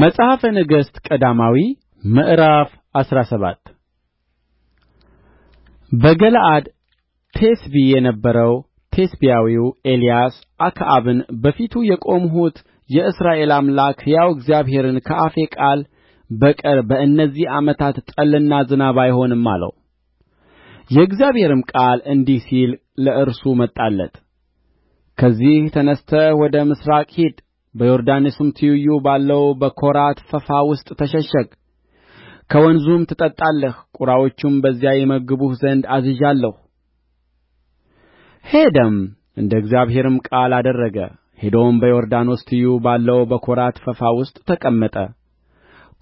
መጽሐፈ ነገሥት ቀዳማዊ ምዕራፍ አስራ ሰባት በገለዓድ ቴስቢ የነበረው ቴስብያዊው ኤልያስ አክዓብን በፊቱ የቆምሁት የእስራኤል አምላክ ሕያው እግዚአብሔርን ከአፌ ቃል በቀር በእነዚህ ዓመታት ጠልና ዝናብ አይሆንም አለው። የእግዚአብሔርም ቃል እንዲህ ሲል ለእርሱ መጣለት። ከዚህ ተነሥተህ ወደ ምሥራቅ ሂድ በዮርዳኖስም ትይዩ ባለው በኮራት ፈፋ ውስጥ ተሸሸግ ከወንዙም ትጠጣለህ ቁራዎቹም በዚያ ይመግቡህ ዘንድ አዝዣለሁ ሄደም እንደ እግዚአብሔርም ቃል አደረገ ሄዶም በዮርዳኖስ ትይዩ ባለው በኮራት ፈፋ ውስጥ ተቀመጠ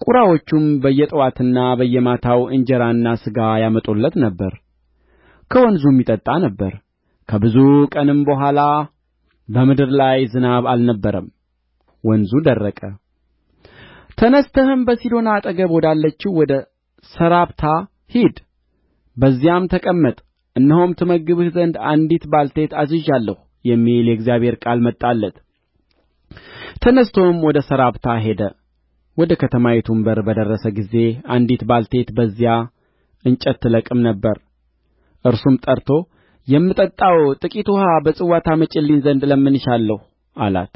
ቁራዎቹም በየጥዋትና በየማታው እንጀራና ሥጋ ያመጡለት ነበር ከወንዙም ይጠጣ ነበር ከብዙ ቀንም በኋላ በምድር ላይ ዝናብ አልነበረም ወንዙ ደረቀ ተነሥተህም በሲዶና አጠገብ ወዳለችው ወደ ሰራፕታ ሂድ በዚያም ተቀመጥ እነሆም ትመግብህ ዘንድ አንዲት ባልቴት አዝዣለሁ የሚል የእግዚአብሔር ቃል መጣለት ተነሥቶም ወደ ሰራፕታ ሄደ ወደ ከተማይቱም በር በደረሰ ጊዜ አንዲት ባልቴት በዚያ እንጨት ትለቅም ነበር እርሱም ጠርቶ የምጠጣው ጥቂት ውኃ በጽዋ ታመጭልኝ ዘንድ እለምንሻለሁ አላት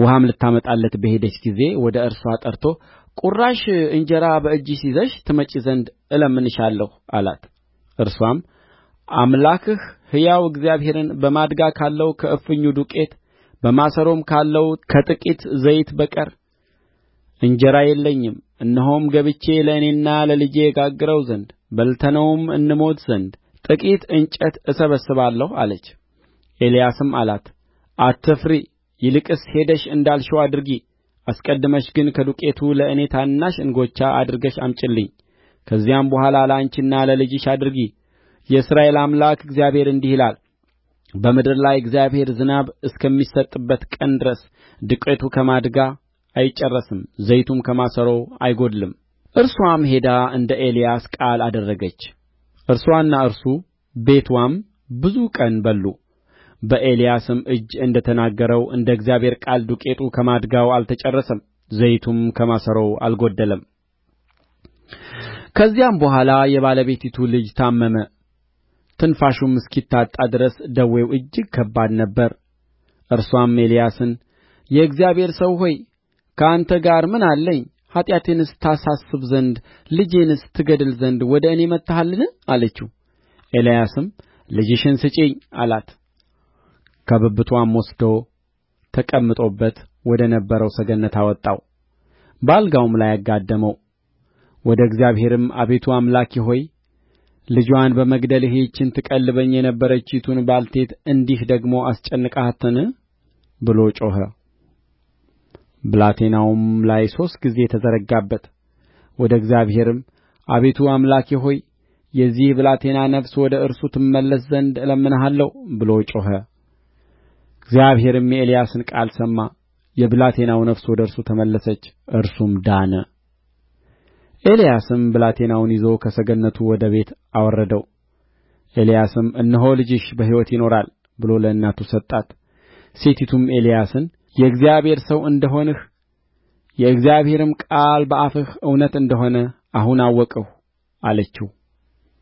ውኃም ልታመጣለት በሄደች ጊዜ ወደ እርስዋ ጠርቶ ቍራሽ እንጀራ በእጅሽ ይዘሽ ትመጪ ዘንድ እለምንሻለሁ አላት እርስዋም አምላክህ ሕያው እግዚአብሔርን በማድጋ ካለው ከእፍኙ ዱቄት በማሰሮም ካለው ከጥቂት ዘይት በቀር እንጀራ የለኝም እነሆም ገብቼ ለእኔና ለልጄ የጋግረው ዘንድ በልተነውም እንሞት ዘንድ ጥቂት እንጨት እሰበስባለሁ አለች ኤልያስም አላት አትፍሪ ይልቅስ ሄደሽ እንዳልሽው አድርጊ አስቀድመሽ ግን ከዱቄቱ ለእኔ ታናሽ እንጎቻ አድርገሽ አምጪልኝ ከዚያም በኋላ ለአንቺና ለልጅሽ አድርጊ የእስራኤል አምላክ እግዚአብሔር እንዲህ ይላል በምድር ላይ እግዚአብሔር ዝናብ እስከሚሰጥበት ቀን ድረስ ዱቄቱ ከማድጋ አይጨረስም ዘይቱም ከማሰሮው አይጐድልም እርሷም ሄዳ እንደ ኤልያስ ቃል አደረገች እርሷና እርሱ ቤትዋም ብዙ ቀን በሉ በኤልያስም እጅ እንደ ተናገረው እንደ እግዚአብሔር ቃል ዱቄቱ ከማድጋው አልተጨረሰም ዘይቱም ከማሰሮው አልጎደለም ከዚያም በኋላ የባለቤቲቱ ልጅ ታመመ ትንፋሹም እስኪታጣ ድረስ ደዌው እጅግ ከባድ ነበር እርሷም ኤልያስን የእግዚአብሔር ሰው ሆይ ከአንተ ጋር ምን አለኝ ኃጢአቴንስ ታሳስብ ዘንድ ልጄንስ ትገድል ዘንድ ወደ እኔ መጥተሃልን አለችው ኤልያስም ልጅሽን ስጪኝ አላት ከብብትዋም ወስዶ ተቀምጦበት ወደ ነበረው ሰገነት አወጣው በአልጋውም ላይ አጋደመው ወደ እግዚአብሔርም አቤቱ አምላኬ ሆይ ልጅዋን በመግደልህ ይህችን ትቀልበኝ የነበረቺቱን ባልቴት እንዲህ ደግሞ አስጨነቅሃትን ብሎ ጮኸ። ብላቴናውም ላይ ሦስት ጊዜ ተዘረጋበት። ወደ እግዚአብሔርም አቤቱ አምላኬ ሆይ የዚህ ብላቴና ነፍስ ወደ እርሱ ትመለስ ዘንድ እለምንሃለሁ ብሎ ጮኸ። እግዚአብሔርም የኤልያስን ቃል ሰማ የብላቴናው ነፍስ ወደ እርሱ ተመለሰች እርሱም ዳነ ኤልያስም ብላቴናውን ይዞ ከሰገነቱ ወደ ቤት አወረደው ኤልያስም እነሆ ልጅሽ በሕይወት ይኖራል ብሎ ለእናቱ ሰጣት ሴቲቱም ኤልያስን የእግዚአብሔር ሰው እንደሆንህ የእግዚአብሔርም ቃል በአፍህ እውነት እንደሆነ አሁን አወቅሁ አለችው